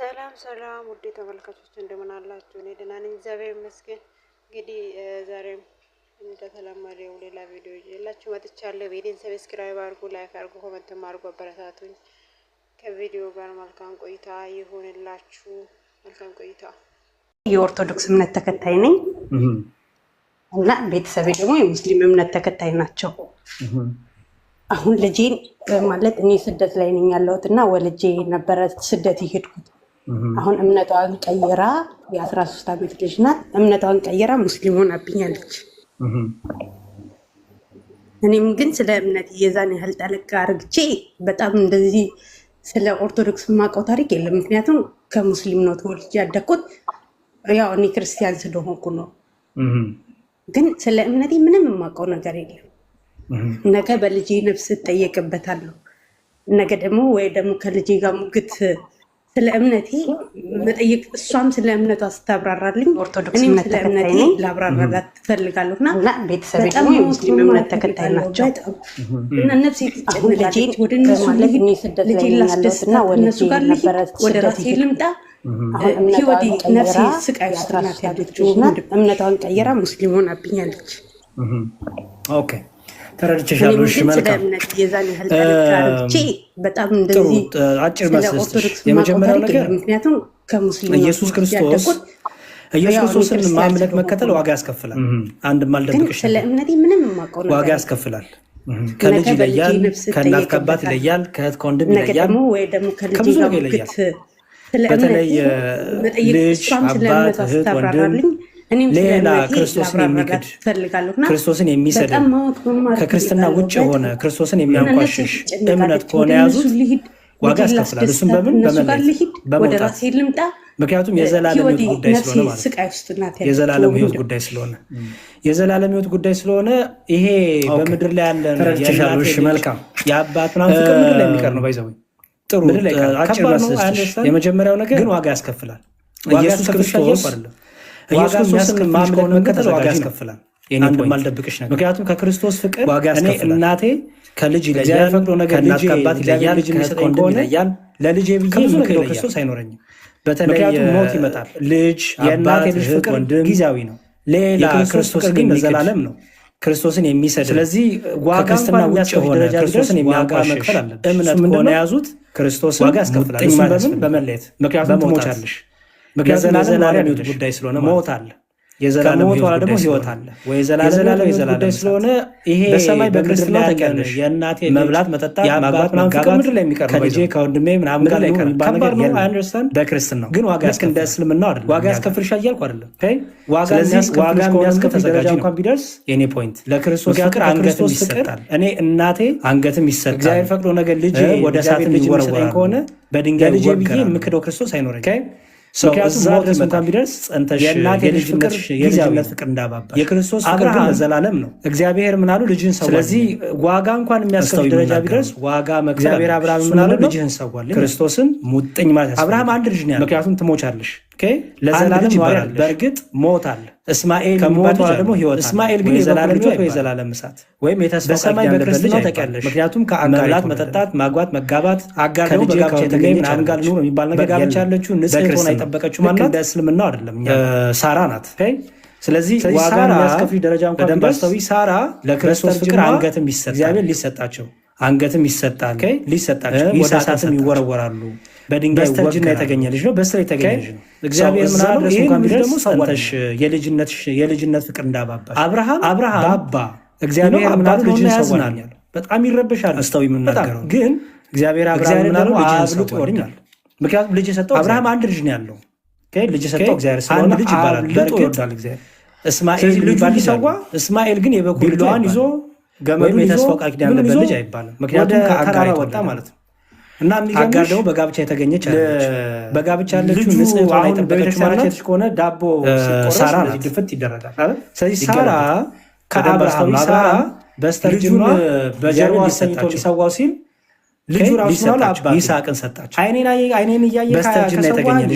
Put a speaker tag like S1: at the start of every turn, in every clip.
S1: ሰላም ሰላም ውዴ ተመልካቾች እንደምን አላችሁ? እኔ ደህና ነኝ፣ እግዚአብሔር ይመስገን። እንግዲህ ዛሬም እንደተለመደው ሌላ ቪዲዮ ይዤላችሁ መጥቻለሁ። ቤቴን ሰብስክራይብ አድርጉ፣ ላይክ አድርጉ፣ ኮመንትም አድርጉ፣ አበረታቱኝ። ከቪዲዮ ጋር መልካም ቆይታ ይሆንላችሁ። መልካም ቆይታ።
S2: የኦርቶዶክስ እምነት ተከታይ ነኝ እና ቤተሰቤ ደግሞ የሙስሊም እምነት ተከታይ ናቸው። አሁን ልጄን ማለት እኔ ስደት ላይ ነኝ ያለሁት እና ወልጄ ነበረ ስደት የሄድኩት አሁን እምነቷን ቀይራ የአስራ ሶስት ዓመት ልጅ ናት። እምነቷን ቀይራ ሙስሊም ሆናብኛለች። እኔም ግን ስለ እምነት የዛን ያህል ጠለቅ አርግቼ በጣም እንደዚህ ስለ ኦርቶዶክስ የማውቀው ታሪክ የለም። ምክንያቱም ከሙስሊም ነው ተወልጄ ያደግኩት። ያው እኔ ክርስቲያን ስለሆንኩ ነው። ግን ስለ እምነቴ ምንም የማውቀው ነገር የለም። ነገ በልጄ ነፍስ እጠየቅበታለሁ። ነገ ደግሞ ወይ ደግሞ ከልጄ ጋር ሙግት ስለ እምነቴ መጠየቅ እሷም ስለ እምነቷ ስታብራራልኝ እኔም ስለ እምነቴ ላብራራላት ትፈልጋለሁ እና ቤተሰብ ተከታይ ናቸው እና ነፍሴ ትጨነቃለች። ወደ እነሱ ልጅ ላስደስታ እነሱ ጋር ልሂድ፣ ወደ ራሴ ልምጣ። ህይወቴ ነፍሴ ስቃይ ውስጥ ናት ያለችው። እምነቷን ቀይራ ሙስሊም ሆናብኛለች።
S3: ኦኬ ተረድቼሻለሁ። አጭር የመጀመሪያው ነገር
S2: ምክንያቱም ከሙስሊም
S3: ኢየሱስ ማምለክ መከተል ዋጋ ያስከፍላል። አንድ ማልደብቅሽ ዋጋ ያስከፍላል። ከልጅ ይለያል፣ ከእናት ከአባት ይለያል፣ ከእህት ከወንድም ይለያል፣
S2: ከብዙ ነገር ይለያል።
S3: በተለይ ልጅ፣ አባት፣ እህት፣ ወንድም ሌላ ክርስቶስን የሚክድ ክርስቶስን የሚሰድ ከክርስትና ውጭ የሆነ ክርስቶስን የሚያንቋሽሽ እምነት ከሆነ የያዙት ዋጋ ያስከፍላል። እሱም በምን በመውጣት ምክንያቱም የዘላለም ሕይወት ጉዳይ
S2: ስለሆነ ማለት
S3: የዘላለም ሕይወት ጉዳይ ስለሆነ የዘላለም ህይወት ጉዳይ ስለሆነ ይሄ በምድር ላይ ያለ የአባትና ፍቅር ምድር ላይ የሚቀር ነው። ባይዘ ጥሩ ነው። የመጀመሪያው ነገር ግን ዋጋ ያስከፍላል። ኢየሱስ ክርስቶስ ኢየሱስን ምክንያቱም ከክርስቶስ ፍቅር እናቴ ከልጅ ይለያል፣ ከእናት ከአባት ክርስቶስ አይኖረኝም። ምክንያቱም ሞት ይመጣል። ልጅ የእናቴ ልጅ ፍቅር ጊዜያዊ ነው። ሌላ ክርስቶስ ግን ዘላለም ነው። ክርስቶስን የሚሰድ ስለዚህ ዋጋስትና ውጭ የሆነ ክርስቶስን የሚያቋሽሽ እምነት ከሆነ ያዙት ክርስቶስ ዋጋ ያስከፍላል። በምን በመለየት ምክንያቱም ትሞቻለሽ ምክንያቱም ጉዳይ ስለሆነ ሞት አለ የዘላለም ሞት ደግሞ ህይወት አለ ወይ የዘላለም ጉዳይ ስለሆነ ይሄ በሰማይ በክርስትና ተቀያለሽ መብላት፣ መጠጣት፣ ማግባት፣ መጋባት ከልጄ ከወንድሜ ምናምን ጋር በክርስትና ግን ዋጋ እንደ እስልምና አይደለም። ዋጋ ያስከፍልሻል እያልኩ አይደለም። ዋጋ የሚያስከፍል ደረጃ እንኳን ቢደርስ የኔ ፖይንት ለክርስቶስ ፍቅር አንገትም ይሰጣል። እኔ እናቴ አንገትም ይሰጣል። እግዚአብሔር ፈቅዶ ነገር ልጅ ወደ እሳት ልጅ ከሆነ በድንጋይ ልጅ ብዬ የምክደው ክርስቶስ ምክንያቱም ሞት እንኳን ቢደርስ ጸንተሽ ፍቅር የክርስቶስ ፍቅር ግን ዘላለም ነው። እግዚአብሔር ልጅህን ሰዋል። ስለዚህ ዋጋ እንኳን የሚያስከፍል ደረጃ ቢደርስ ዋጋ እግዚአብሔር አብርሃም ልጅህን ሰዋል። ክርስቶስን ሙጥኝ ማለት አብርሃም አንድ ልጅ ነው ያለው። ምክንያቱም ትሞቻለሽ ለዘላለም ይባላል። በእርግጥ ሞት አለ። እስማኤል ደግሞ ህይወት እስማኤል ግን የዘላለም ህይወት ወይ ዘላለም እሳት ወይም በሰማይ በክርስትና ተቀለሽ። ምክንያቱም ከመብላት፣ መጠጣት፣ ማግባት፣ መጋባት አጋር ነው በጋብቻ የተገኘ ምናምን ጋር ኑር የሚባል ነገር ጋብቻ ያለችው ንጽሕት ሆና የጠበቀችው ማናት? እንደ እስልምናው አይደለም ሳራ ናት። ስለዚህ ዋጋ የሚያስከፍል ደረጃ እንኳን ደርሰዊ ሳራ ለክርስቶስ ፍቅር አንገትም ይሰጣል። እግዚአብሔር ሊሰጣቸው አንገትም ይሰጣል፣ ሊሰጣቸው ይወረወራሉ በስተርጅና የተገኘ ልጅ ነው። በስራ የተገኘ ልጅ ነው። እግዚአብሔር የልጅነት ፍቅር እንዳባባሽ አብርሃም ባባ እግዚአብሔር ልጅን በጣም ይረበሻል አስተው የምናገረው ግን እግዚአብሔር አብርሃም ልጅን ምክንያቱም ልጅ የሰጠው አብርሃም አንድ ልጅ ነው ያለው። ልጅ የሰጠው እግዚአብሔር ስለሆነ ልጅ ይባላል። ይወዳል እግዚአብሔር እስማኤል ሊሰዋ እስማኤል ግን ይዞ ገመዱን ቃል ኪዳን ያለበት ልጅ አይባልም። ምክንያቱም ከአጋር ወጣ ማለት ነው እና የሚገርምሽ በጋብቻ የተገኘች አለች። በጋብቻ ያለችው ንጽህቷ ላይ ጠበቀች ማለት ከሆነ ዳቦ ሳራ ይደረጋል። ስለዚህ ሳራ ከአብርሃም ሳራ በስተርጅኑ በጀርባ ሰኝቶ ሊሰዋው ሲል ልጁ ራሱ ይስሐቅን ሰጣቸው። አይኔን እያየ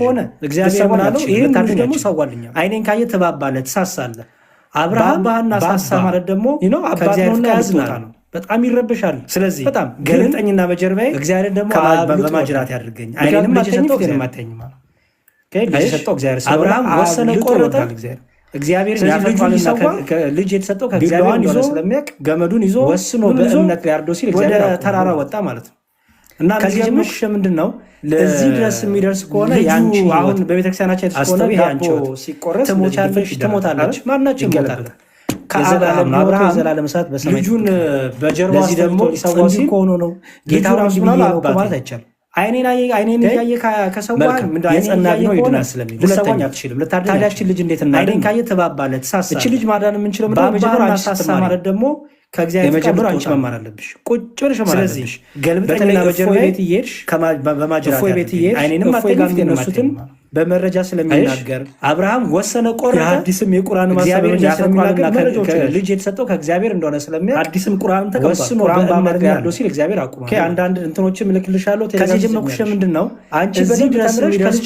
S3: ከሆነ እግዚአብሔር ምናለው ይህን ልጅ ደግሞ ሰዋልኛል። አይኔን ካየ ትባባለህ፣ ትሳሳለህ። አብርሃም ባህና ሳሳ ማለት ደግሞ ከእግዚአብሔር ያዝና ነው በጣም ይረብሻል። ስለዚህ በጣም ገለጠኝና በጀርባዬ እግዚአብሔር ደግሞ በማጅራት ያድርገኝ። አይንም አተኝም አተኝም አብርሃም ወሰነ፣ ቆረጠ። እግዚአብሔር ልጅ የተሰጠው ከእግዚአብሔር ይዞ ስለሚያውቅ ገመዱን ይዞ ወስኖ በእምነት ሊያርዶ ሲል ወደ ተራራ ወጣ ማለት ነው። እና ከዚህ ጀምሽ ምንድን ነው እዚህ ድረስ የሚደርስ ከሆነ አሁን በቤተክርስቲያናችን ሲቆረጥ ትሞታለች፣ ማናቸው ይሞታል ከዘላለም ኖራ የዘላለም እሳት ልጁን በጀርባ ደግሞ ሰዋሲ ከሆኖ ነው ጌታ ራሱ ማለት አይቻልም። አይኔን አይኔን እያየ ከሰዋህ የጸና ነው ይድናል ስለሚል ልትሰዋኝ አትችልም። ታዳችን ልጅ እንዴት እና አይኔን ካየህ ትባባለህ፣ ትሳሳለህ። እቺ ልጅ ማዳን የምንችለው መጀመሪያ አንሳሳ ማለት ደግሞ ከእግዚአብሔር ቃል አንቺ መማር አለብሽ። ቁጭ ብለሽ መማር አለብሽ። ገልብጠኝና በጀርባ ቤት እየሄድሽ በማጅራት ቤት እየሄድሽ አይኔንም አትነሱትም በመረጃ ስለሚናገር አብርሃም ወሰነ ቆረጠ። አዲስም የቁርአን ልጅ የተሰጠው ከእግዚአብሔር እንደሆነ ስለሚያ አዲስም ቁርአን ሲል እግዚአብሔር አቁማ አንዳንድ እንትኖችም እልክልሻለሁ። ከዚህ ጀመኩሽ ምንድን ነው አንቺ በዚህ ድረስ ቁጭ አስረች ትሞቻለሽ፣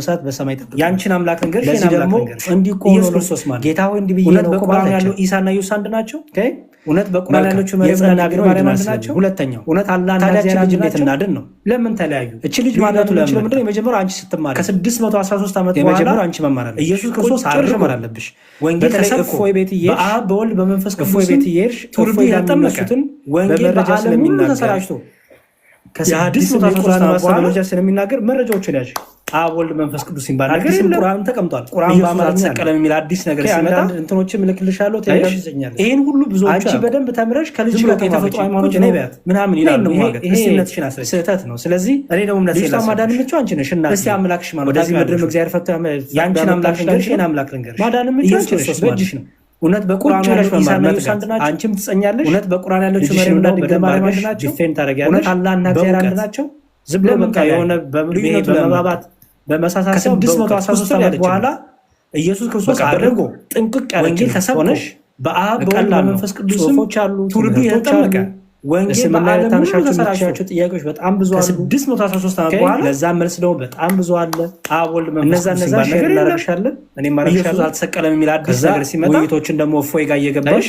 S3: እሳት በሰማይ ያንቺን አምላክ ደግሞ ኢየሱስ ክርስቶስ ማለት ጌታ ሆይ እንዲህ ብዬ ነው ያለው ኢሳና አንድ ናቸው። እውነት በቁርአን ያለችው መሪምና ግር ናቸው። ሁለተኛው እውነት አላህ ልጅ እንዴት እናድን ነው? ለምን ተለያዩ? እች ልጅ ማለቱ ለምን ምንድን ነው? የመጀመሪያው አንቺ ስትማሪ ከ613 ዓመት በኋላ አንቺ መማር አለብሽ። ኢየሱስ ክርስቶስ አርሽ መማር አለብሽ። ወንጌል ላይ ቤት ይሄድ በአብ በወልድ በመንፈስ ቅዱስ ቤት ይሄድ ትውልዱ ያጠመቀ ወንጌል በዓለም ሁሉ ተሰራጭቶ የሐዲስ ቁርአን ማስተማመጃ ስለሚናገር መረጃዎችን ያዥ። አብ ወልድ መንፈስ ቅዱስ ሲባል ነገር ቁርአን ተቀምጧል። ቁርአን በአማራ ተሰቀለም የሚል አዲስ ነገር ሲመጣ እንትኖችም እልክልሻለሁ። ይህን ሁሉ ብዙ አንቺ በደንብ ተምረሽ ከልጅ የተፈጥሮ ሃይማኖት ነው ምናምን ይላሉ። ስህተት ነው። ስለዚህ እኔ ደግሞ እምነት ማዳን የምችው አንቺ ነሽ እና እስኪ አምላክሽ ማለት ወደዚህ ምድርም እግዚአብሔር ፈቶ ያንቺን አምላክ ልንገርሽ፣ ይህን አምላክ ልንገርሽ፣ ማዳን የምችው አንቺ ነሽ፣ በእጅሽ ነው እውነት በቁርአኑ ያለች አንቺም እውነት በቁርአን ያለች እግዚአብሔር አንድ ናቸው። ዝም ብሎ በቃ የሆነ በመባባት ዓመት በኋላ ኢየሱስ ክርስቶስ አድርጎ ጥንቅቅ ያለ ወንጌል ተሰብኮ በአብ በወልድ በመንፈስ ትውልዱ የተጠመቀ ወንጌል በዓለም ተሰራቸው ጥያቄዎች በጣም ብዙ አሉ። ስድስት መቶ አስራ ሦስት ዓመት በኋላ ለዛ መልስ ደግሞ በጣም ብዙ አለ። አብ ወልድ መንፈስ ነገር እናደርግሻለን። እኔም አደርግሻለሁ። አልተሰቀለም የሚል አዲስ ነገር ሲመጣ ውይይቶችን ደግሞ እፎይ ጋር እየገባሽ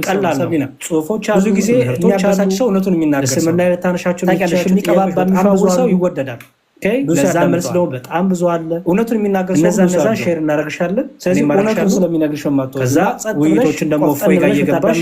S3: ቀላል ነው። ጽሁፎች ብዙ ጊዜ የሚያበሳጭ ሰው እውነቱን የሚናገር ሰው ስምና የታነሻቸው የሚቀባባ የሚፋውር ሰው ይወደዳል። ለዛ መልስ ደግሞ በጣም ብዙ አለ። እውነቱን የሚናገር ሰው እነዛ ሼር እናደርግሻለን። ስለዚህ እውነቱን ስለሚነግርሽ ከዛ ውይይቶችን ደግሞ እፎይ ጋር እየገባሽ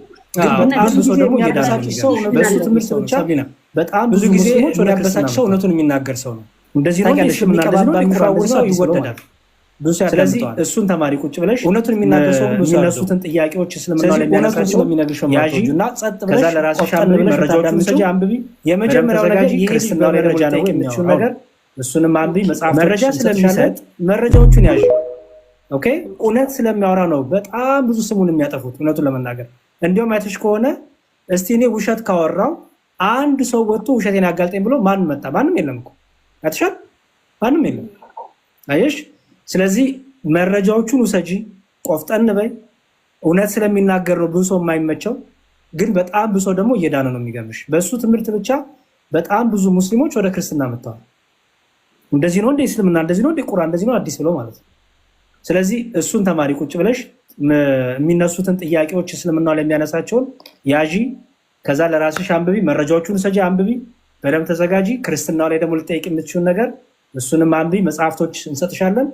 S3: በጣም ብዙ ጊዜ የሚያበሳጭ ሰው እውነቱን የሚናገር ሰው ነው። እንደዚህ ነው ሰው ይወደዳል። ስለዚህ እሱን ተማሪ ቁጭ ብለሽ እውነቱን የሚናገር ሰው የሚነሱትን ጥያቄዎች ብለሽ አንብቢ። የመጀመሪያው ነገር መረጃ ነው ነገር እሱንም አንብቢ። መጽሐፍ መረጃ ስለሚሰጥ መረጃዎቹን ያዥ። ኦኬ እውነት ስለሚያወራ ነው በጣም ብዙ ስሙን የሚያጠፉት እውነቱን ለመናገር እንዲሁም አይተሽ ከሆነ እስቲ እኔ ውሸት ካወራው አንድ ሰው ወጥቶ ውሸቴን አጋልጠኝ ብሎ ማን መጣ? ማንም የለም እኮ አይተሻል። ማንም የለም አየሽ። ስለዚህ መረጃዎቹን ውሰጂ፣ ቆፍጠን በይ። እውነት ስለሚናገር ነው ብዙ ሰው የማይመቸው፣ ግን በጣም ብዙ ሰው ደግሞ እየዳነ ነው። የሚገርምሽ በእሱ ትምህርት ብቻ በጣም ብዙ ሙስሊሞች ወደ ክርስትና መጥተዋል። እንደዚህ ነው እንደ እስልምና፣ እንደዚህ ነው እንደ ቁርአን፣ እንደዚህ ነው አዲስ ብሎ ማለት ነው። ስለዚህ እሱን ተማሪ ቁጭ ብለሽ የሚነሱትን ጥያቄዎች እስልምና ላይ የሚያነሳቸውን ያዢ፣ ከዛ ለራስሽ አንብቢ፣ መረጃዎቹን ሰጂ፣ አንብቢ፣ በደንብ ተዘጋጂ። ክርስትናው ላይ ደግሞ ልጠይቅ የምትችውን ነገር እሱንም አንብቢ፣ መጽሐፍቶች እንሰጥሻለን።